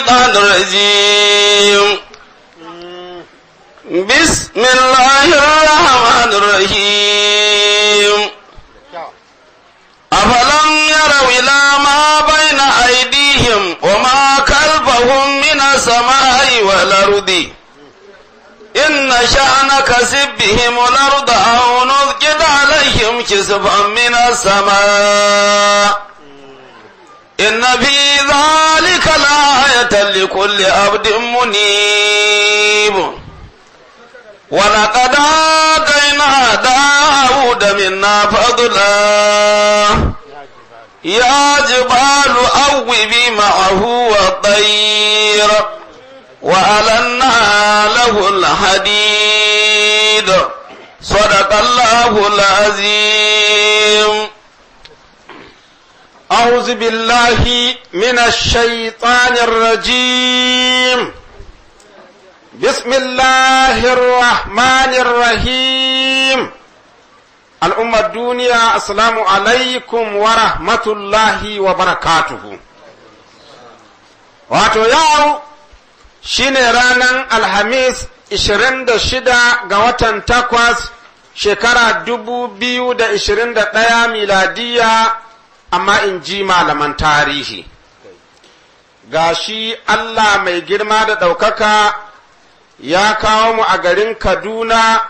الشيطان الرجيم بسم الله الرحمن الرحيم أفلم يروا إلى ما بين أيديهم وما خلفهم من السماء والأرض إن شأنك سب بهم الأرض أو نسقط عليهم كسبا من السماء إن في ذلك لآية لكل عبد منيب ولقد آتينا داود منا فضلا يا جبال أوبي معه والطير وألنا له الحديد صدق الله العظيم أعوذ بالله من الشيطان الرجيم بسم الله الرحمن الرحيم الأمة الدنيا السلام عليكم ورحمة الله وبركاته wato yau shine ranar alhamis 26 ga watan takwas shekara 2021 miladiya amma in ji malaman tarihi ga shi Allah mai girma da ɗaukaka ya kawo mu a garin Kaduna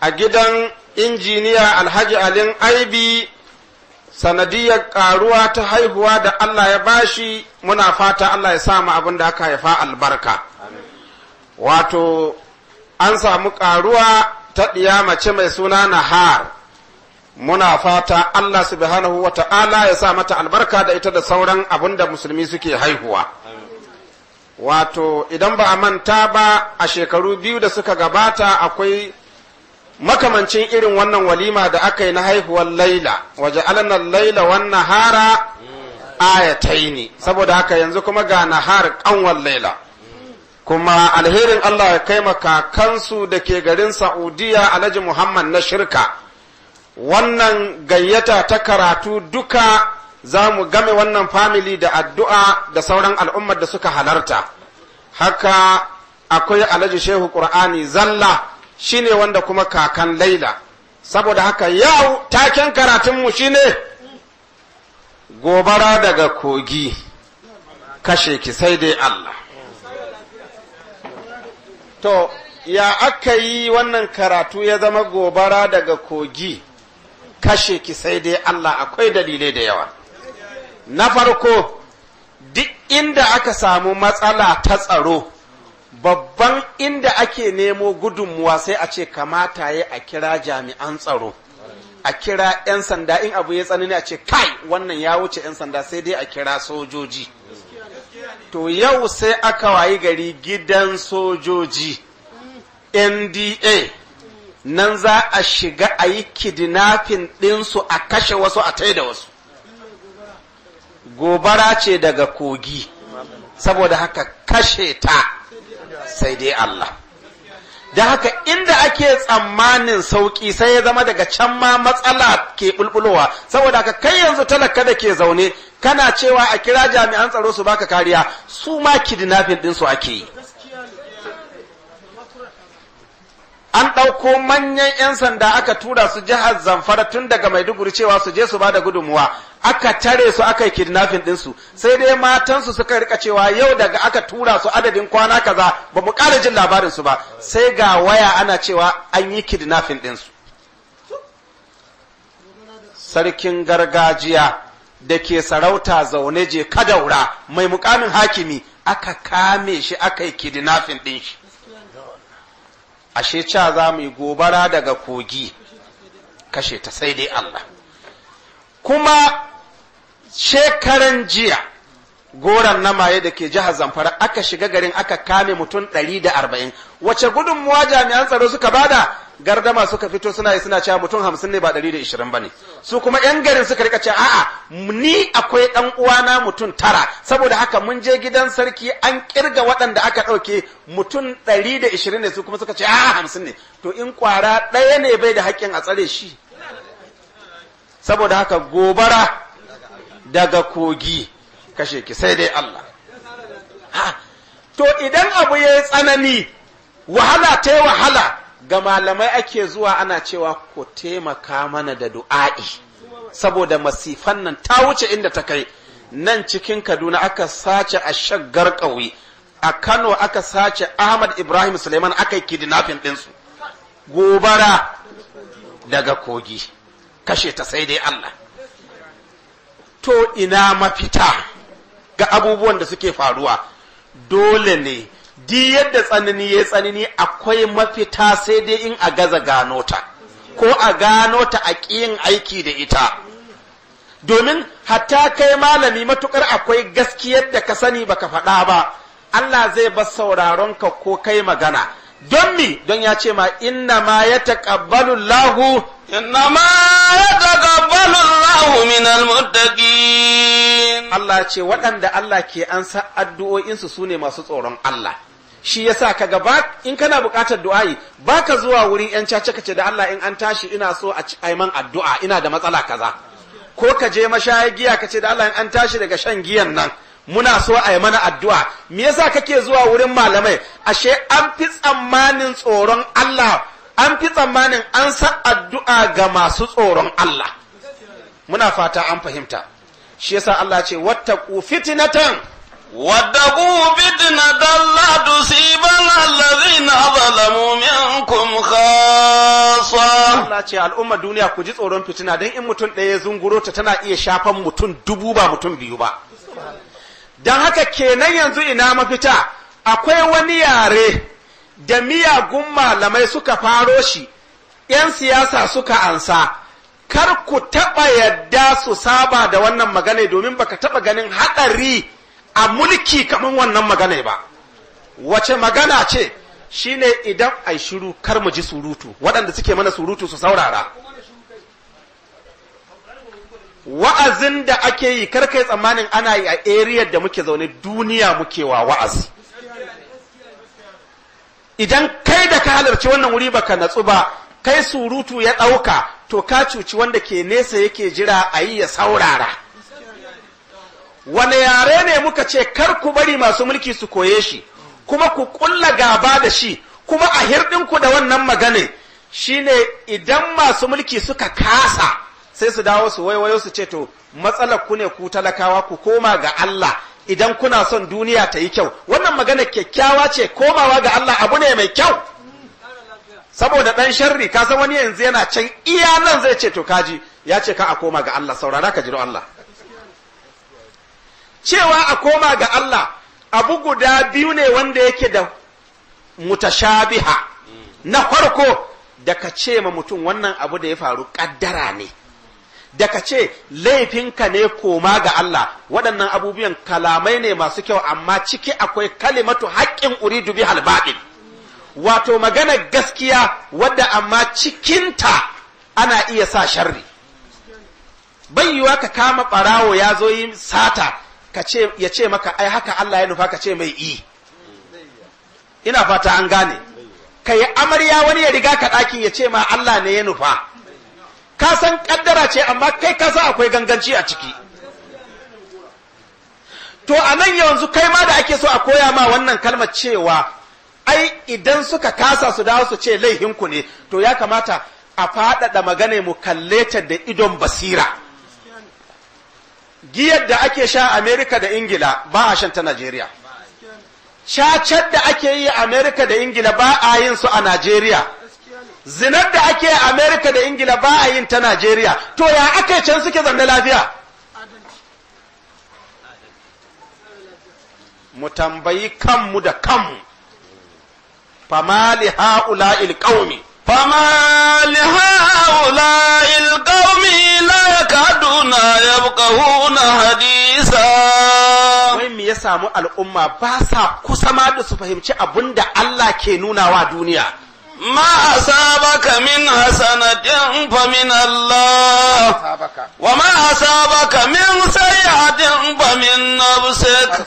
a gidan injiniya Alhaji Alin Aibi sanadiyar ƙaruwa ta haihuwa da Allah ya bashi muna fata Allah ya samu abin da aka haifa albarka. Wato, an samu ƙaruwa ta ɗiya mace mai suna Nahar. muna fata Allah subhanahu wa ta'ala ya sa mata albarka da ita da sauran abun da musulmi suke haihuwa. Wato, idan ba a manta ba a shekaru biyu da suka gabata akwai makamancin irin wannan walima da aka yi na haihuwar laila, waje alanar laila wannan hara ayatai ne, saboda haka yanzu kuma ga nahar kanwar laila. Kuma alherin Allah ya kai kakansu da ke garin Saudiyya Alhaji Muhammad na shirka. wannan gayyata ta karatu duka za mu game wannan famili da addu'a da sauran al'ummar da suka halarta haka akwai alhaji shehu ƙur'ani zalla shine wanda kuma kakan laila saboda haka yau taken karatunmu shine gobara daga kogi kashe ki sai dai Allah to ya aka yi wannan karatu ya zama gobara daga kogi kashe ki sai dai Allah akwai dalilai da yawa na farko duk inda aka samu matsala ta tsaro babban inda ake nemo gudunmuwa sai a ce kamata ya a kira jami'an tsaro a kira 'yan sanda in abu ya tsanani a ce kai wannan ya wuce 'yan sanda sai dai a kira sojoji to yau sai aka wayi gari gidan sojoji nda nan za a shiga a yi kidnapping ɗinsu a kashe wasu a taida wasu gobara ce daga kogi saboda haka kashe ta sai dai Allah da haka inda ake tsammanin sauki sai ya zama daga can ma matsala ke bulbulowa saboda haka kai yanzu talaka da ke zaune kana cewa a kira jami'an tsaro su baka kariya su ma kidnapping ɗinsu ake yi an ɗauko manyan 'yan sanda aka tura su jihar zamfara tun daga maiduguri cewa su je su ba da gudunmuwa aka tare su aka yi kidnapping ɗinsu sai dai matansu suka rika cewa yau daga aka tura su adadin kwana kaza ba mu ƙara jin labarin su ba sai ga waya ana cewa an yi kidnapping ɗinsu sarkin gargajiya da ke sarauta zaune je kadaura mai mukamin hakimi aka kame shi aka yi kidnapping ɗin shi ashe ca za mu yi gobara daga kogi kashe ta sai dai Allah kuma shekaran jiya goran na maye da ke jihar zamfara aka shiga garin aka kame mutum ɗari da arba'in wace gudunmuwa jami'an tsaro suka bada gardama suka fito suna yi suna cewa mutum hamsin ne ba ɗari da ishirin ba ne su kuma yan garin suka rika cewa a'a ni akwai ɗan uwana mutum tara saboda haka mun je gidan sarki an kirga waɗanda aka ɗauke mutum ɗari da ishirin ne su kuma suka ce a'a hamsin ne to in kwara ɗaya ne bai da haƙƙin a tsare shi saboda haka gobara daga kogi kashe ki sai dai Allah to idan abu ya yi tsanani wahala ta wahala ga malamai ake zuwa ana cewa ku taimaka mana da du'a'i saboda masifan nan ta wuce inda ta kai nan cikin kaduna aka sace a shaggar ƙauye a kano aka sace ahmad ibrahim suleiman aka yi kidnapping ɗinsu gobara daga kogi kashe ta sai dai allah to ina mafita ga abubuwan da suke faruwa dole ne di yadda tsanani ya tsanani akwai mafita sai dai in a gaza gano ta ko a gano ta a ƙiyin aiki da ita domin hatta kai malami matukar akwai gaskiyar da ka sani baka faɗa ba Allah zai bar sauraron ka ko kai magana don mi don ya ce ma inna ma ya taƙabbalu Allahu inna ma ya taƙabbalu Allahu min almuttaqin Allah ce waɗanda Allah ke ansa addu'o'insu su ne masu tsoron Allah shi yasa kaga ba in kana buƙatar du'a'i baka zuwa wurin yan caca kace da Allah in an tashi ina so a ai man addu'a ina da matsala kaza ko ka je mashaya giya kace da Allah in an tashi daga shan giyan nan muna so a mana addu'a me yasa kake zuwa wurin malamai ashe an fi tsammanin tsoron Allah an fi tsammanin an san addu'a ga masu tsoron Allah muna fata an fahimta shi yasa Allah ce wattaqu fitnatan wattaqu fitnatan la ta'ala ce al'umma duniya ku ji tsoron fitina don in mutum ɗaya zunguro ta tana iya shafan mutum dubu ba mutum biyu ba don haka kenan yanzu ina mafita akwai wani yare da miyagun malamai suka faro shi 'yan siyasa suka ansa kar ku taɓa yadda su saba da wannan magana domin baka taɓa ganin haɗari a mulki kamar wannan magana ba wace magana ce shine idan ai shiru kar mu ji surutu waɗanda suke mana surutu su saurara wa'azin da ake yi kar kai tsammanin ana yi a area da muke zaune duniya muke wa wa'azi idan kai da ka halarci wannan wuri baka natsu ba kai surutu ya ɗauka to ka cuci wanda ke nesa yake jira a yi ya saurara wane yare ne muka ce kar ku bari masu mulki su koye shi kuma ku kulla gaba da shi kuma a hirɗinku da wannan magane shine idan masu mulki suka kasa sai su dawo su waiwayo su ce to matsalar ku ne ku talakawa ku koma ga Allah idan kuna son duniya ta yi kyau wannan magana kyakkyawa ce komawa ga Allah abu ne mai kyau saboda ɗan sharri ka san wani yanzu yana can iya nan zai ce to kaji ya ce ka a koma ga Allah saurara ka jiro Allah cewa a koma ga Allah abu guda biyu ne wanda yake da mutashabiha na farko da ka ce ma mutum wannan abu da ya faru kaddara ne da ka ce laifinka ne koma ga Allah waɗannan abubuwan kalamai ne masu kyau amma ciki akwai kalimatu haƙƙin uri dubi halbaɗin wato magana gaskiya wadda amma cikinta ana iya sa sharri Bayyuwa ka kama ɓarawo ya zo yi sata ka ya ce maka ai haka Allah ya nufa ka ce mai i ina fata an gane ka yi amarya wani ya riga ka ɗakin ya ce ma Allah ne ya nufa ka san kaddara ce amma kai ka san akwai ganganci a ciki to a nan yanzu kai ma da ake so a koya ma wannan kalmar cewa ai idan suka kasa su dawo su ce laihinku ne to ya kamata a faɗaɗa magana mu kalle da idon basira giyar da ake sha amerika da ingila ba a shan ta najeriya cacar da ake yi amerika da ingila ba a yin su a najeriya zinar da ake amerika da ingila ba a yin ta najeriya to ya aka can suke zanne lafiya mu tambayi kanmu da kanmu famali ha'ula ilƙaumi فما لهؤلاء القوم لا يكادون يبقون حديثا wai me ya samu al'umma ba sa kusa ma da su fahimci abin da Allah ke nuna wa duniya ما أصابك من حسنة فمن الله وما أصابك من سيئة فمن نفسك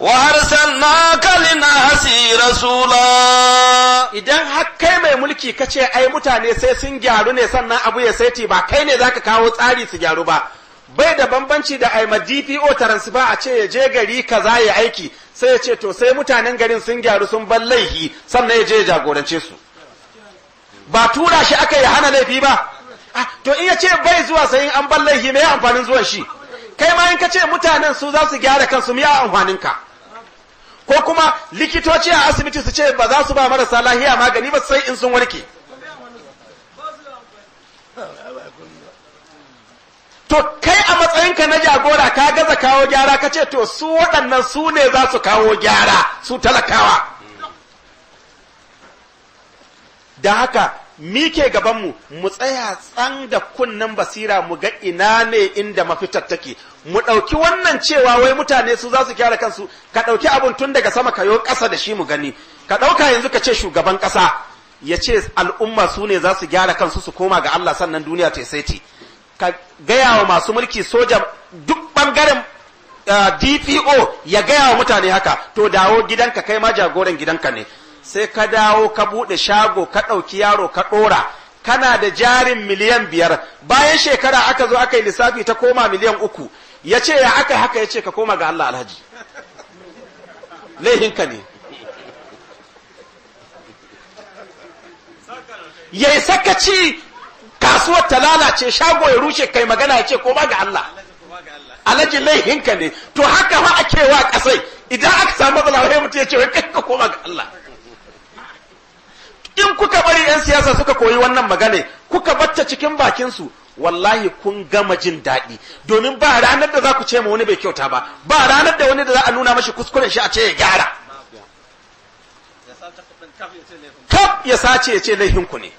وأرسلناك للناس رسولا idan har kai mai mulki ka ce ai mutane sai sun gyaru ne sannan abu ya saiti ba kai ne zaka kawo tsari su gyaru ba bai da bambanci da ai DPO taransifa a ce ya je gari kaza ya aiki sai ya ce to sai mutanen garin sun gyaru sun bar laihi sannan ya je ya jagorance su ba tura shi aka yi hana laifi ba to in yace bai zuwa sai an ban laifi mai amfanin zuwan shi kai ma in ka ce mutanen su za su gyara kansu miya amfanin ka ko kuma likitoci a asibiti su ce ba za su ba marasa lahiya magani ba sai in sun warke to kai a matsayinka na jagora ka gaza kawo gyara ka ce to su waɗannan su ne za su kawo gyara su talakawa da haka mike gabanmu mu tsaya tsan da kunnen basira mu ga ina ne inda mafitar take mu ɗauki wannan cewa wai mutane su za su kyara kansu ka ɗauki abun tun daga sama ka yo ƙasa da shi mu gani ka ɗauka yanzu ka ce shugaban ƙasa ya ce al'umma su ne za su gyara kansu su koma ga Allah sannan duniya ta saiti ka gaya wa masu mulki soja duk ɓangaren uh, eh, DPO ya gaya wa mutane haka to dawo gidanka kai ma jagoran gidanka ne sai ka dawo ka buɗe shago ka ɗauki yaro ka ɗora kana da jarin miliyan biyar bayan shekara aka zo aka yi lissafi ta koma miliyan uku ya ce ya aka haka ya ce ka koma ga Allah alhaji laihinka ne ya yi sakaci kasuwar ta lalace shago ya rushe kai magana ya ce koma ga Allah alhaji laihinka ne to haka ma ake wa kasai idan aka samu matsala ya mutu ya ce wai kai ka koma ga Allah in kuka bari 'yan siyasa suka koyi wannan magana kuka batta cikin bakinsu wallahi kun gama jin daɗi domin ba ranar da za ku ce ma wani bai kyauta ba ba ranar da wani da za a nuna mashi kuskuren shi a ce ya gyara kaf ya sace ya ce laifin ku ne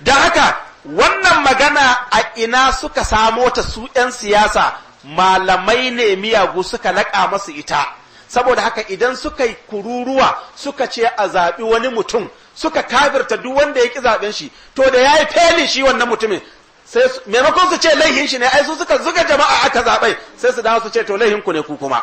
da haka wannan magana a ina suka samo ta su 'yan siyasa malamai ne miyagu suka laƙa masu ita saboda haka idan suka yi kururuwa suka ce a zaɓi wani mutum suka kafirta duk wanda ya ki zaben shi to da yayi felin shi wannan mutumin sai maimakon su ce laihin shi ne ai su suka zuga jama'a aka zaɓe. sai su dawo su ce to laihin ku ne ku kuma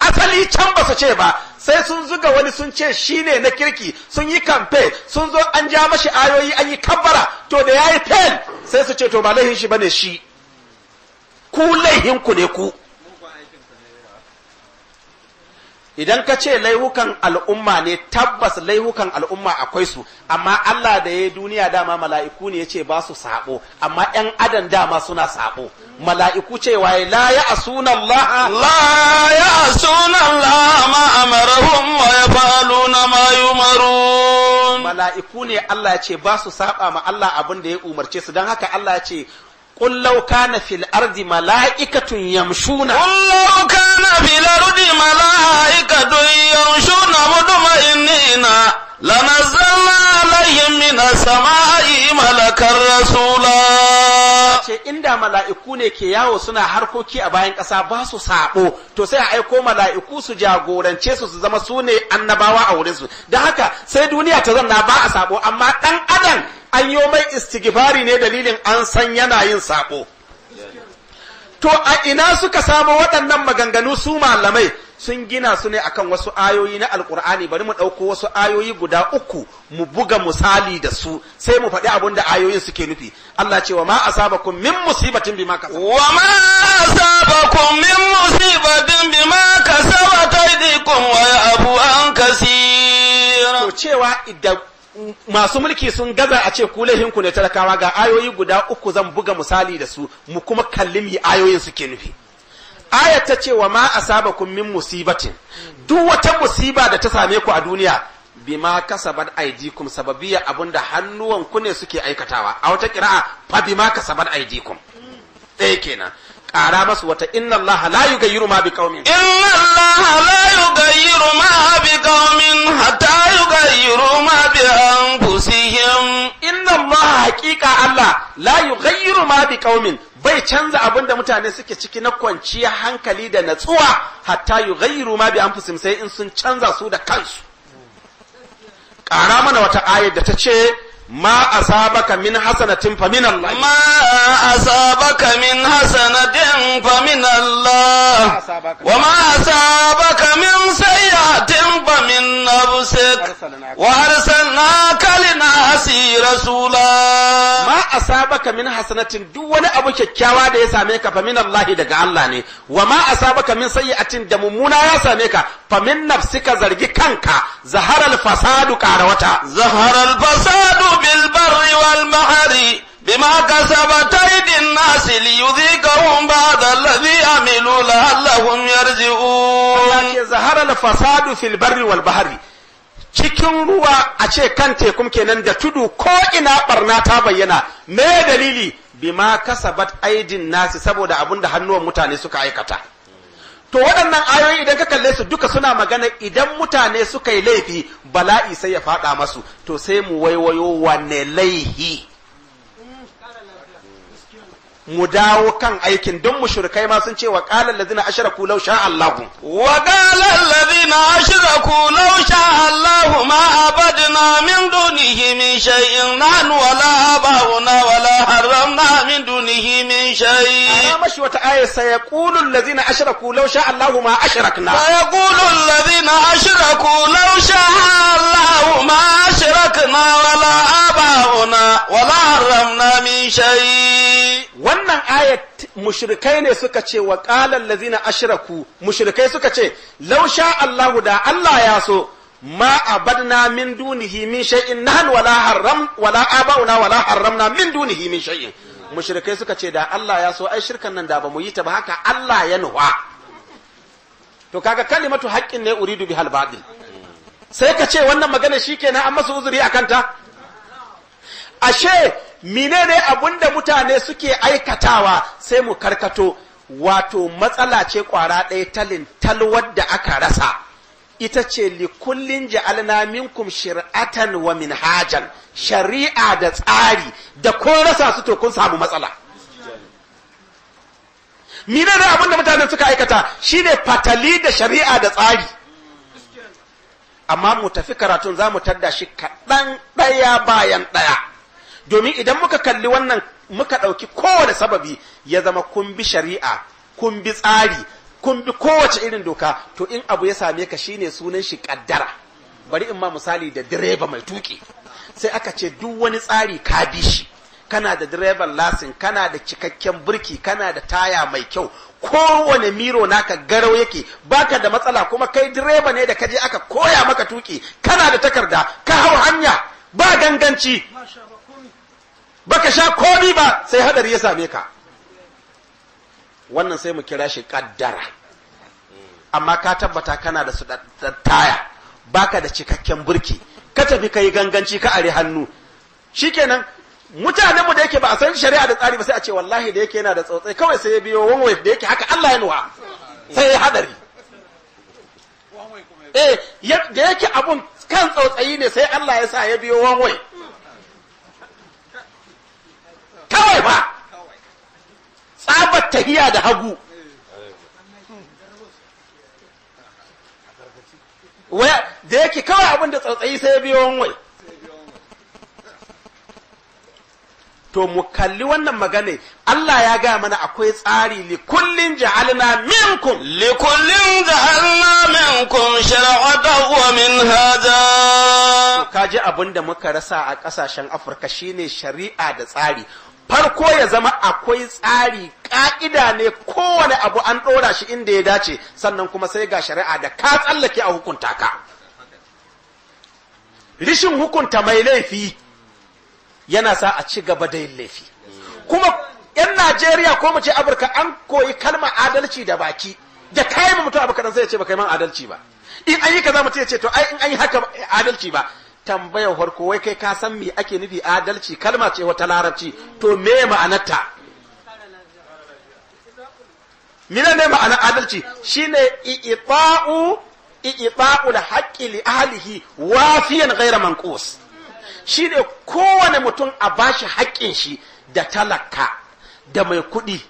asali can ba su ce ba sai sun zuga wani sun ce shi ne na kirki sun yi kamfe sun zo an ja mashi ayoyi an yi kabbara to da ya yi fel sai su ce to ba laihin shi ba ne shi ku laihin ku ne ku idan ka ce laihukan al'umma ne tabbas laihukan al'umma akwai su amma Allah da ya duniya dama mala'iku ne ya ce ba su sabo amma ‘yan adam dama suna sabo mala'iku ce waye la ya asuna Allah la ya asuna Allah ma amarahum wa ya ma yumarun mala'iku ne Allah ya ce ba su saba ma Allah abin da ya umarce su don haka Allah ya ce قل لو كان في الأرض ملائكة يمشون قل لو كان في الأرض ملائكة يمشون مطمئنين لنزلنا عليهم من السماء ملكا رسولا ce inda mala'iku ne ke yawo suna harkoki a bayan ƙasa ba su saɓo to sai a aiko mala'iku su jagorance su su zama su ne annabawa a wurin su da haka sai duniya ta zanna ba a saɓo amma ɗan adam an yi mai istigibari ne dalilin an san yana yin saɓo to a ina suka samo waɗannan maganganu su malamai sun gina su ne akan wasu ayoyi na alkur'ani bari mu ɗauko wasu ayoyi guda uku mu buga misali da su sai mu faɗi abin da ayoyin suke nufi Allah ce wa ma asabakum min musibatin bima kasabat wa ma asabakum min musibatin bima kasabat aydikum wa abu an kaseera to cewa idan masu mulki sun gaza a ce kulehin ku ne talakawa ga ayoyi guda uku zan buga misali da su mu kuma kallimi ayoyin suke nufi ayat ta ce wa ma asabakum min musibatin duk wata musiba da ta same ku a duniya bima kasabat aidikum sababiyya abunda hannuwan ku ne suke aikatawa a wata kira'a fa bima kasabat aidikum ɗaya kenan ƙara masu wata inna Allah la yughayyiru ma biqaumin inna Allah la yughayyiru ma biqaumin hatta yughayyiru ma bi anfusihim inna Allah haqiqa Allah la yughayyiru ma biqaumin bai canza abin da mutane suke ciki na kwanciya hankali da natsuwa hatta yi gairu ma bi anfusim sai in sun canza su da kansu ƙara mana wata ayar da ta ce ma asabaka min hasanatin fa min Allah ma asabaka min hasanatin fa min Allah wa ma asabaka min sayyatin fa min nafsik wa arsal arsalnaka linasi rasula ma asabaka min hasanatin duk wani abu kyakkyawa da ya same ka fa min Allah daga Allah ne wa ma asabaka min sayyi'atin da mummuna ya same ka fa min nafsika zargi kanka zaharal fasadu karawata zaharal fasadu bil barri wal bahri بما كسبت أيدي الناس ليذيقهم بعد الذي عملوا لعلهم يرجعون ظهر الفساد في البر والبحر cikin ruwa a ce kan tekun kenan da tudu ko ina barna ta bayyana me dalili bima kasabat aidin nasi saboda abin da hannuwan mutane suka aikata to waɗannan ayoyi idan ka kalle su duka suna magana idan mutane suka yi laifi bala'i sai ya faɗa masu to sai mu waiwayo wane laihi mu dawo kan aikin don mu mushrikai ma sun ce wa qala allazina ashraku law sha Allahu wa qala allazina ashraku law sha Allahu ma abadna min dunihi min shay'in nan wala na wala haramna min dunihi min shayi. ana mashi wata aya sayaqulu allazina ashraku law sha Allahu ma ashrakna sayaqulu allazina ashraku law sha Allahu ma ashrakna wala na wala haramna min shayi. wannan ayat mushrikai ne suka ce wa qala allazina ashraku mushrikai suka ce law sha Allahu da Allah ya so ma abadna min dunihi min shay'in nahnu wala haram wala abauna wala haramna min dunihi min shay'in mushrikai suka ce da Allah ya so ai shirkan nan da ba mu yi ta ba haka Allah ya nuwa to kaga kalimatu haqqin ne uridu bihal batil sai ka ce wannan magana shikenan an masa uzuri akan ta ashe menene abun da mutane suke aikatawa sai mu karkato wato matsala ce kwara ɗaya talin talwar da aka rasa ita ce likullin ja'alna minkum shir'atan wa minhajan shari'a da tsari da ko rasa su to kun samu matsala mine da abin da mutanen suka aikata shine fatali da shari'a da tsari amma mu tafi karatun za mu tadda shi kaɗan ɗaya bayan ɗaya domin idan muka kalli wannan muka ɗauki kowane sababi ya zama kun bi shari'a kun bi tsari kun bi kowace irin doka to in abu ya same ka shine sunan shi kaddara bari in ma misali da direba mai tuki sai aka ce duk wani tsari ka bi shi kana da direban lasin kana da cikakken birki kana da taya mai kyau kowane miro naka garau yake baka da matsala kuma kai direba ne da kaje aka koya maka tuki kana da takarda ka hau hanya ba ganganci baka sha komi ba sai hadari ya same ka wannan sai mu kira shi kaddara amma ka tabbata kana da su taya baka da cikakken burki ka tafi ka yi ganganci ka are hannu shikenan mutanenmu da yake ba a san shari'a da tsari ba sai a ce wallahi da yake yana da tsautsai kawai sai ya biyo wanwai da yake haka Allah ya nuwa sai ya hadari eh da yake abun kan tsautsayi ne sai Allah ya sa ya biyo wanwai kawai ba tsabar tahiya da hagu da yake kawai abin da tsatsayi sai biyo wai to mu kalli wannan magana Allah ya gaya mana akwai tsari li kullin ja'alna minkum li kullin ja'alna minkum shara'ata wa minhaja kaji abin da muka rasa a kasashen Afirka shine shari'a da tsari farko ya zama akwai tsari ka'ida ne kowane abu an ɗora shi inda ya dace sannan kuma sai ga shari'a da ka tsallake a hukunta ka rishin hukunta mai laifi yana sa a ci gaba da yin laifi kuma 'yan najeriya ko mu ce afirka an koyi kalma adalci da baki da kayan mutum abu kaɗan sai ya ce ba kai man adalci ba in an yi kaza mutum ya ce to ai in an yi haka adalci ba tambayar farko wai kai ka san me ake nufi adalci kalma ce wata larabci to me ma'anarta mina ne ma'anar adalci shine i'ta'u i'ta'u da haqqi li ahlihi wafiyan ghaira manqus shine kowane mutum a bashi haƙƙin shi da talaka da mai kuɗi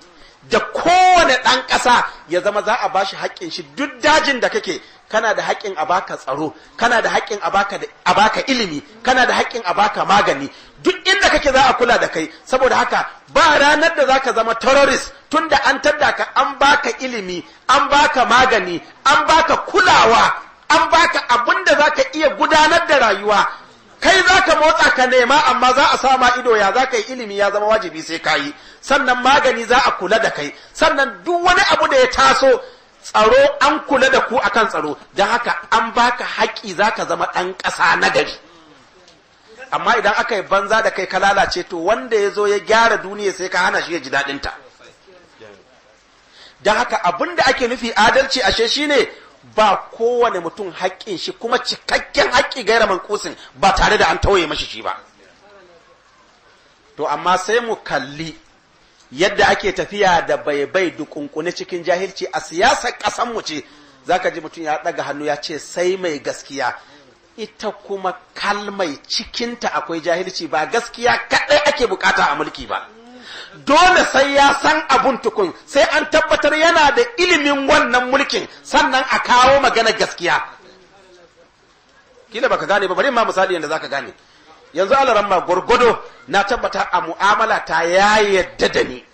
da kowane ɗan ƙasa ya zama za a bashi haƙƙin shi duk dajin da kake kana da haƙƙin a baka tsaro kana da haƙƙin a baka ilimi kana da haƙƙin a baka magani duk inda kake za a kula da kai saboda haka ba ranar da zaka zama terrorist tunda an tadda ka an baka ilimi an baka magani an baka kulawa an baka abin da zaka iya gudanar da rayuwa kai zaka motsa ka nema amma za a sama ido ya zaka yi ilimi ya zama wajibi sai ka yi sannan magani za a kula da kai sannan duk wani abu da ya taso tsaro an kula da ku akan tsaro don haka an baka haƙƙi za ka zama ɗan ƙasa na gari amma idan aka yi banza da kai ka lalace to wanda ya zo ya gyara duniya sai ka hana shi ya ji daɗinta don haka abin da ake nufi adalci ashe shine ba kowane mutum haƙƙin shi kuma cikakken haƙƙi gaira mankusin ba tare da an tauye mashi shi ba to amma sai mu kalli yadda ake tafiya da baibai dukunkune cikin jahilci a siyasar ƙasanmu ce zaka ji mutum ya ɗaga hannu ya ce sai mai gaskiya ita kuma kalmai cikinta akwai jahilci ba gaskiya kaɗai ake bukata a mulki ba dole sai ya san abun tukun sai an tabbatar yana da ilimin wannan mulkin sannan a kawo magana gaskiya kila baka gane ba bari ma misali yadda zaka gane yanzu alaramma gwargwado na tabbata a mu'amala ta ya yadda da ni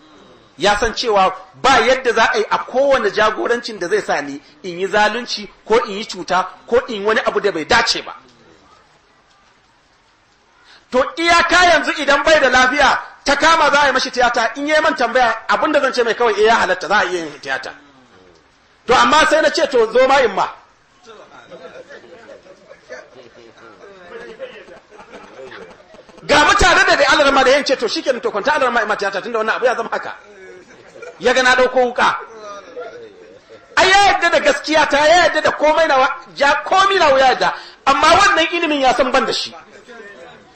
ya san cewa ba yadda za a yi a kowane jagorancin da zai sa ni in yi zalunci ko in yi cuta ko in wani abu da bai dace ba to iyaka yanzu idan bai da lafiya ta kama za a yi mashi tiyata in yi man tambaya abin da zan ce mai kawai iya eh, halatta za a iya yin tiyata to amma sai na ce to zo ma in ma ga mutane da dai alarma da yance to shikenan to kwanta alarma ima tun tunda wannan abu ya zama haka ya ga na dauko wuka ai ya yadda da gaskiya ta ya yadda da komai na ja komai na wuya da amma wannan ilimin ya san ban da shi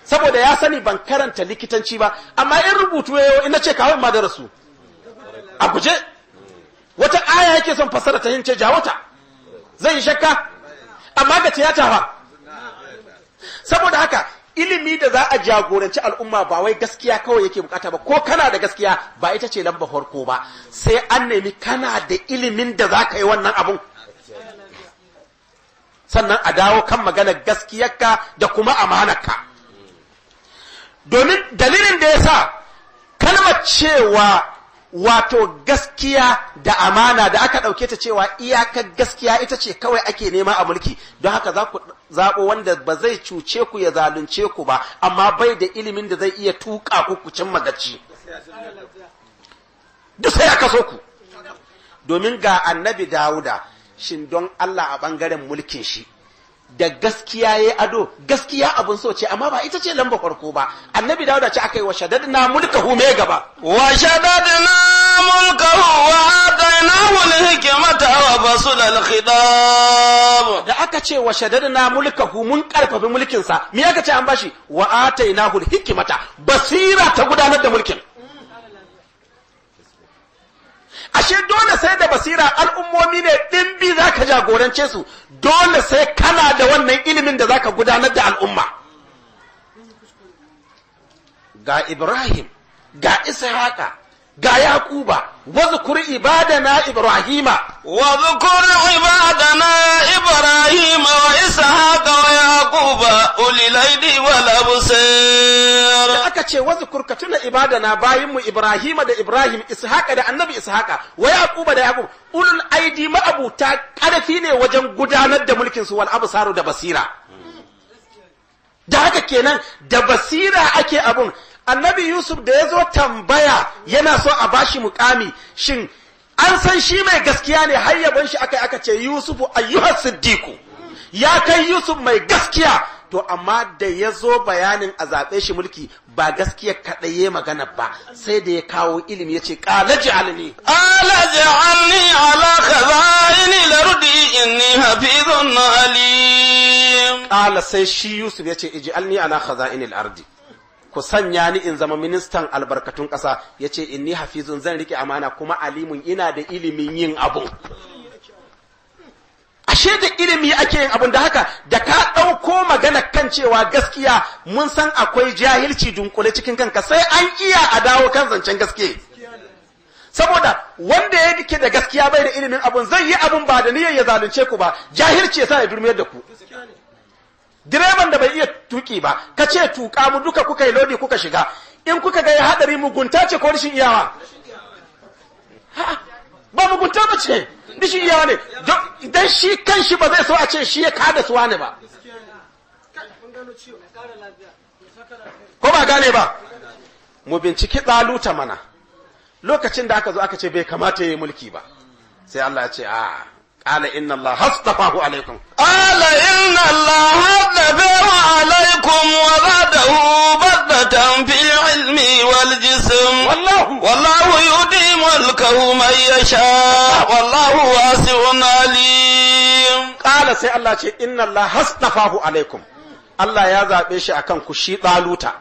saboda ya sani ban karanta likitanci ba amma in rubutu yayo ina ce kawai ma da rasu a guje wata aya yake son fassara ta hince jawata zai yi shakka amma ga tiyata fa saboda haka ilimi da za a jagoranci al'umma ba wai gaskiya kawai yake bukata ba ko kana da gaskiya ba ita ce lamba farko ba sai an nemi kana da ilimin da za ka yi wannan abun sannan a dawo kan maganar gaskiyarka da kuma amanarka domin dalilin da ya sa kalmar cewa wato gaskiya da amana da aka ɗauke ta cewa iyakar gaskiya ita ce kawai ake nema a mulki don haka za ku zaɓo wanda ba zai cuce ku ya zalunce ku ba amma bai da ilimin da zai iya tuƙa ku ku cin magaci duk sai ya kaso ku domin ga annabi dawuda shin don Allah a ɓangaren mulkin shi da gaskiya ya ado gaskiya abun so ce amma ba ita ce lamba farko ba annabi dawuda ce aka yi wa mulka mulkahu me gaba wa shadadna mulkahu wa atainahu al-hikmata wa basul al-khitab da aka ce wa mulka mulkahu mun karfafi mulkin sa me aka ce an bashi wa atainahu al basira ta gudanar da mulkin ashe dole sai da basira al'ummomi ne ɗimbi za ka jagorance su dole sai kana da wannan ilimin da za ka gudanar da al'umma ga ibrahim ga ishaqa ga yaquba واذكر ibadana إبراهيم واذكر عبادنا إبراهيم وإسحاق ويعقوب أولي wal absar aka ce wazukur ka tuna ibadana bayin mu Ibrahima da Ibrahim Ishaqa da Annabi Ishaqa wa Yaquba da Yaqub ulul aidi ma'abuta karfi ne wajen gudanar da mulkin su wal absaru da basira da haka kenan da basira ake abun annabi yusuf da ya zo tambaya yana so a bashi mukami shin an san shi mai gaskiya ne har yaban shi aka aka ce Yusuf ayyuhas siddiku ya kai yusuf mai gaskiya to amma da ya zo bayanin a zaɓe shi mulki ba gaskiya kaɗai magana ba sai da ya kawo ilimi ya ce ƙala ji'alni ƙala ji'alni ala khaza'ini lardi inni hafizun alim ƙala sai shi yusuf ya ce ij'alni ala khaza'ini ardi ku sanya ni in zama ministan albarkatun ƙasa ya ce in ni hafizun zan rike amana kuma alimun ina da ilimin yin abu. ashe da ilimi ake yin abun da haka da ka ɗauko magana kan cewa gaskiya mun san akwai jahilci dunkule cikin kanka sai an iya a dawo kan zancen gaske saboda wanda ya dike da gaskiya bai da ilimin abun zai yi abun ba da niyyar ya zalunce ku ba jahilci ya sa ya durmiyar da ku direban da bai iya tuki ba ka ce tuka mu duka kuka yi lodi kuka shiga in kuka ga ya hadari mugunta ce ko rishin iyawa ba mugunta ba ce rishin iyawa ne idan shi kan shi ba zai so a ce shi ya kada suwa ne ba ko ba gane ba mu binciki tsaluta mana lokacin da aka zo aka ce bai kamata ya yi mulki ba sai Allah ya ce a'a. قال إن الله اصطفاه عليكم قال إن الله اصطفاه عليكم وزاده بردة في العلم والجسم والله والله يؤتي ملكه من يشاء والله واسع عليم قال سي الله شيء إن الله اصطفاه عليكم الله يا زابي شي أكن كشي طالوتا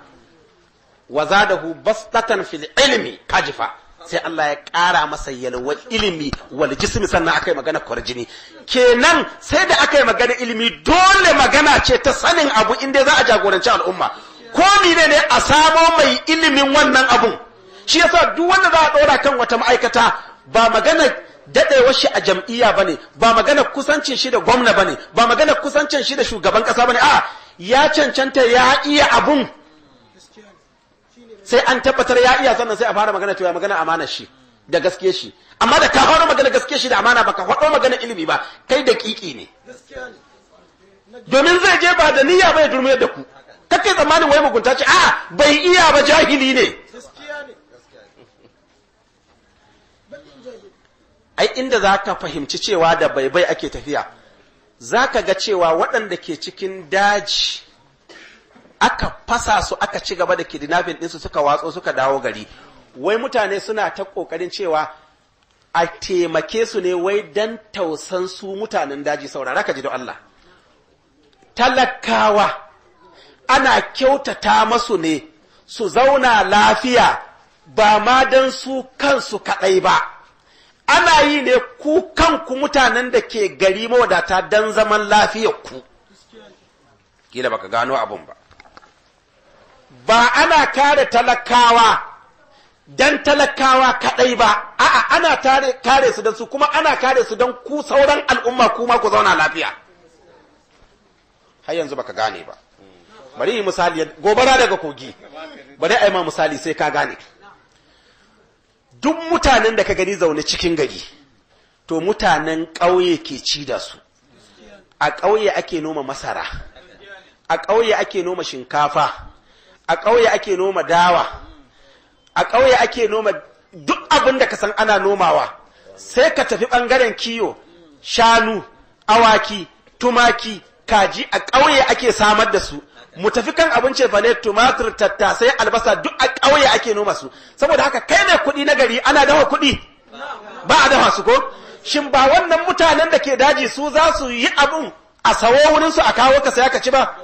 وزاده بسطة في العلم كاجفا sai Allah ya ƙara masa yalwar ilimi wal jismi sannan aka yi magana kwarjini kenan sai da aka yi magana ilimi dole magana ce ta sanin abu inda za a jagoranci al'umma ko mine ne a samo mai ilimin wannan abun shi yasa duk wanda za a ɗora kan wata ma'aikata ba magana daɗewar shi a jam'iyya ba ne. ba magana kusancin shi da gwamna ba ne. ba magana kusancin shi da shugaban ƙasa ba ne. a ya cancanta ya iya abun sai an tabbatar ya iya sannan sai a fara magana cewa magana amana shi da gaske shi amma da ka fara magana gaske shi da amana ba ka faɗo magana ilimi ba kai da kiki ne domin zai je ba da niyya bai durmiyar da ku kake tsammanin wai mugunta ce a bai iya ba jahili ne ai inda za ka fahimci cewa da bai bai ake tafiya za ka ga cewa waɗanda ke cikin daji aka fasa su aka ci gaba da kidnapping ɗinsu suka watso suka dawo gari wai mutane suna ta ƙoƙarin cewa a taimake su ne wai dan tausan su mutanen daji saurara ka ji da Allah talakawa ana kyautata masu ne su zauna lafiya ba ma dan su kansu kaɗai ba ana yi ne ku kanku mutanen da ke gari mawadata dan zaman lafiyar ku kila baka gano abun ba ba ana kare talakawa dan talakawa kadai ba a'a ana tare kare su dan su kuma ana kare su dan ku sauran al'umma kuma ku zauna lafiya har yanzu baka gane ba bari misali gobara daga kogi bari a yi ma misali sai ka gane duk mutanen da ka gani zaune cikin gari to mutanen ƙauye ke ci da su a ƙauye ake noma masara a ƙauye ake noma shinkafa a ƙauye ake noma dawa a ƙauye ake noma duk abin da ka san ana nomawa sai ka tafi ɓangaren kiyo shanu awaki tumaki kaji a ƙauye ake samar da su mu tafi kan abinci ce tumatir tattasai albasa duk a ƙauye ake noma su saboda haka kai mai kuɗi na gari ana dawa kuɗi ba a dawa su ko shin ba wannan mutanen da ke daji su za su yi abun a sawo wurin su a kawo ka sai ka ci ba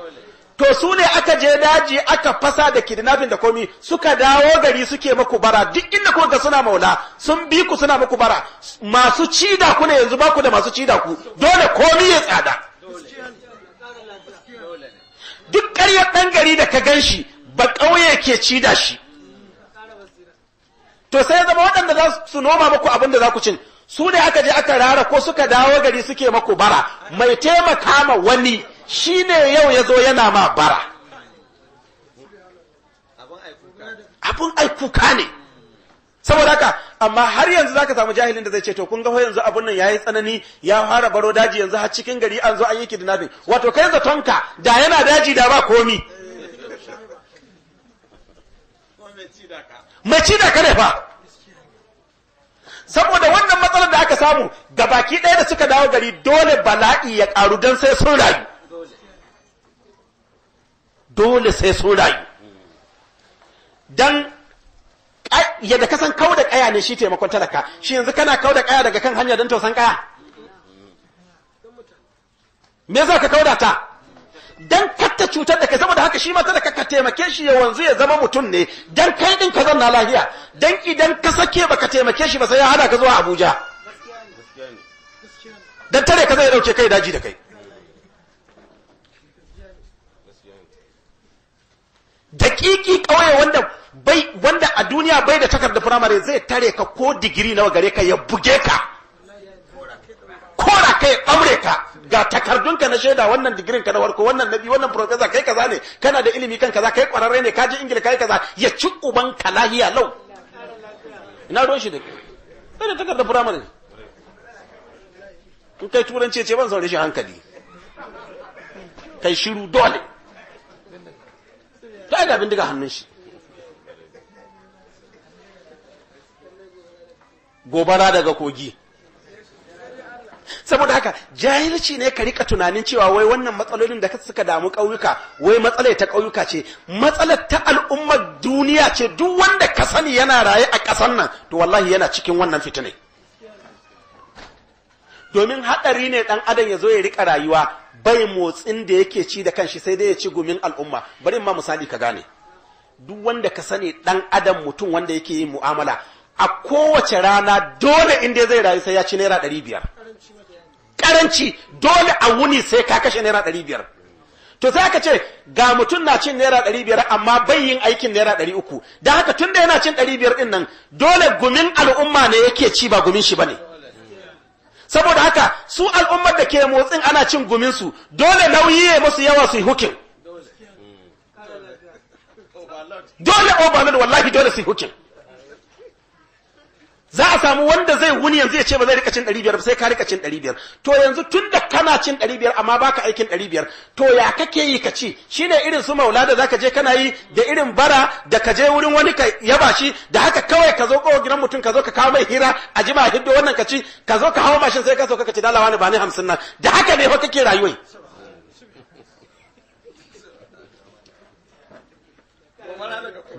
to su ne aka je daji aka fasa da kidnapping da komi suka dawo gari suke maku bara duk inda kuka suna maula sun bi ku suna maku bara masu cida ku ne yanzu ba ku da masu cida ku dole komi ya tsada duk ƙaryar ɗan gari da ka gan ba ƙauye ke cida shi to sai zama waɗanda za su noma maku abin da za ku cin su ne aka je aka rara ko suka dawo gari suke maku bara mai taimaka ma wani shi ne yau ya zo yana ma bara abun aikuka ne saboda haka amma har yanzu zaka samu jahilin da zai ce to kun ga yanzu abun nan yayi tsanani ya fara baro daji yanzu har cikin gari an zo an yi kidnabi wato kai zatonka da yana daji da ba komi ci da ne fa saboda wannan matsalar da aka samu ga baki ɗaya da suka dawo gari dole bala'i ya karu don sai sun rayu dole sai sun rayu don yadda ka san kauda kaya ne shi taimakon talaka shi yanzu kana kauda kaya daga kan hanya don tausan kaya me za ka kauda ta dan katta cutar da kai saboda haka shi ma talaka ka taimake shi ya wanzu ya zama mutum ne dan kai din ka zanna lahiya dan idan ka sake baka taimake shi ba sai ya hada ka zuwa Abuja dan tare ka zai dauke kai daji da kai daƙiƙi kawai wanda bai wanda a duniya bai da takarda firamare zai tare ka ko digiri nawa gare ka ya buge ka kora kai amre ka ga takardunka na shaida wannan digirin ka na warko wannan nabi wannan professor kai kaza ne kana da ilimi kan kaza kai kwararre ne ka je ingila kai kaza ya ci uban ka lahiya lau ina ruwan shi da kai sai da takardar firamare kai turanci ce ban zaure shi hankali kai shiru dole to ai da bindiga hannun shi gobara daga kogi saboda haka jahilci ne ka rika tunanin cewa wai wannan matsalolin da ka suka damu ƙauyuka wai matsalar ta ƙauyuka ce matsalar ta al'ummar duniya ce duk wanda ka sani yana raye a ƙasar nan to wallahi yana cikin wannan fitinai domin haɗari ne ɗan adam ya zo ya rika rayuwa bai motsin da yake ci da kanshi sai dai ya ci gumin al'umma bari ma misali ka gane duk wanda ka sani dan adam mutum wanda yake yin mu'amala a kowace rana dole inda zai rayu sai ya ci naira ɗari biyar karanci dole a wuni sai ka kashe naira ɗari biyar to sai aka ce ga mutum na cin naira ɗari biyar amma bai yin aikin naira ɗari uku da haka tunda yana cin ɗari biyar ɗin nan dole gumin al'umma ne yake ci ba gumin shi ba ne saboda haka su al'ummar da ke motsin ana cin guminsu dole nauyi ya musu yawa su yi hukin dole overload oh, wallahi dole su yi hukin za a samu wanda zai wuni yanzu ya ce ba zai rika cin 500 ba sai ka rika cin biyar to yanzu tun da kana cin 500 amma baka aikin ɗari biyar to ya kake yi ka ci shine irin su maula da zaka je kana yi da irin bara da ka je wurin wani ka yaba shi da haka kawai ka zo kowa gidan mutum ka zo ka kawo mai hira a ji ba hiddo wannan ka ci ka zo ka hawo mashin sai ka so ka ci dalawa ne ba ni 50 nan da haka ne fa kake rayuwa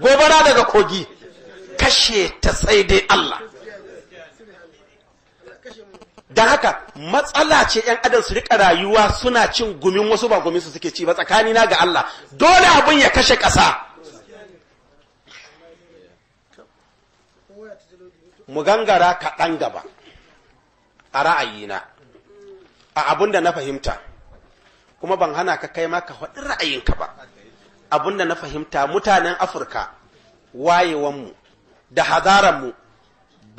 gobara daga kogi kashe ta sai dai Allah don haka matsala ce 'yan adam su rika rayuwa suna cin gumin wasu ba gumin su suke ci ba tsakani na ga Allah dole abin ya kashe ƙasa mu gangara kaɗan gaba a ra'ayina a abin da na fahimta kuma ban hana ka kai maka ka ra'ayinka ba abin da na fahimta mutanen afirka wayewanmu da mu.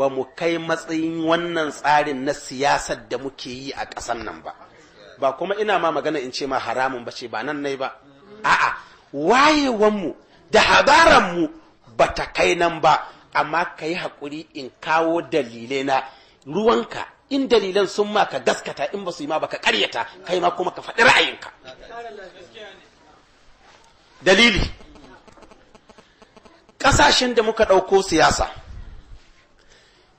ba mu kai matsayin wannan tsarin na siyasar da muke yi a ƙasar nan ba ba kuma ina ma magana in ce ma haramun ba ce ba nan nai ba a'a wayewanmu da hadaranmu ba ta kai nan ba amma ka yi haƙuri in kawo dalilai na ruwanka in dalilan sun ma ka gaskata in ba su yi ma baka karyata kai ma kuma ka faɗi ra'ayinka dalili ƙasashen da muka ɗauko siyasa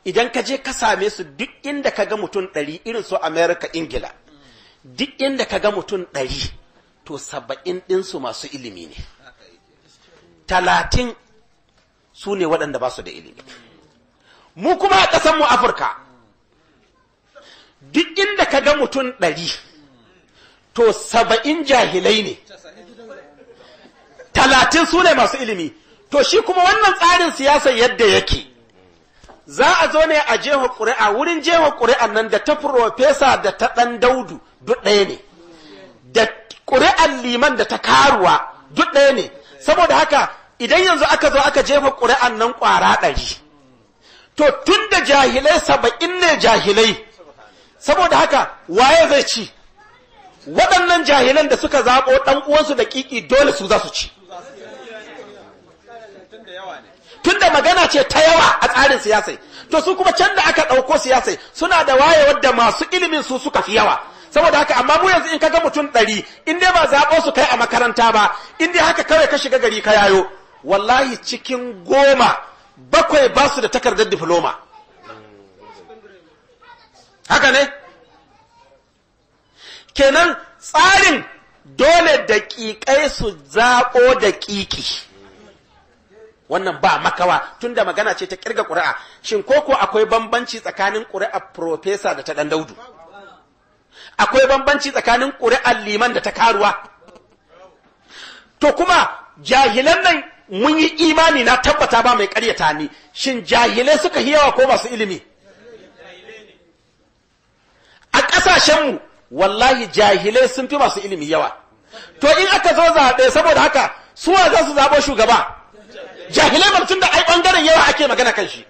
idan ka je ka same su duk inda ka ga mutum ɗari irin su america ingila duk inda ka ga mutum ɗari to saba'in ɗinsu masu ilimi ne talatin su ne waɗanda ba su da ilimi mu kuma a mu afirka duk inda ka ga mutum ɗari to saba'in jahilai ne talatin su ne masu ilimi to shi kuma wannan tsarin siyasa yadda yake za a zo ne a jefa ƙuri'a wurin jefa ƙuri'a nan da ta furofesa da ta ɗan daudu duk ɗaya ne da ƙuri'an liman da ta karuwa duk ɗaya ne saboda haka idan yanzu aka zo aka jefa ƙuri'an nan ƙwara ɗari to tun da jahilai saba'in ne jahilai saboda haka waye zai ci waɗannan jahilan da suka zaɓo ɗan uwansu da ƙiƙi dole su za su ci tunda magana ce ta yawa a tsarin siyasai to su kuma can da aka ɗauko siyasai suna da wayewar da masu ilimin su suka fi yawa saboda haka amma mu yanzu in kaga mutum ɗari in dai ba zaɓo su kai a makaranta ba in dai haka kawai ka shiga gari ka yayo wallahi cikin goma bakwai ba su da takardar difloma haka ne kenan tsarin dole daƙiƙai su zaɓo daƙiƙi wannan ba makawa tunda magana ce ta kirga ƙuri'a shin ko koko akwai bambanci tsakanin ƙuri'a profesa da ta ɗan akwai bambanci tsakanin ƙuri'ar liman da ta karuwa to kuma jahilan nan mun yi imani na tabbata ba mai ƙaryata ni shin jahilai suka yi yawa ko masu ilimi a ƙasashenmu wallahi jahilai sun fi masu ilimi yawa to in aka zo zaɓe saboda haka suwa za su zaɓo shugaba jahilai mutum da ai bangaren yawa ake magana kan shi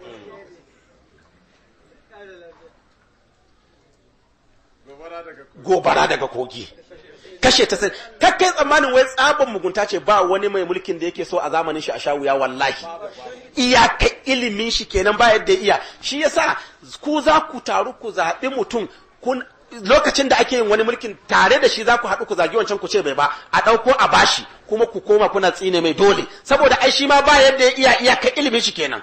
gobara daga kogi kashe ta sai kakkai tsammanin wai tsabon mugunta ce ba wani mai mulkin da yake so a zamanin shi a shawuya wuya wallahi iyaka ilimin shi kenan ba yadda iya shi yasa ku za ku taru ku zaɓi mutum kun lokacin da ake yin wani mulkin tare da shi za ku haɗu ku zagi wancan ku ce bai ba a ɗauko a bashi kuma ku koma kuna tsine mai dole saboda ai shi ma ba yadda ya iya iyaka ilimin shi kenan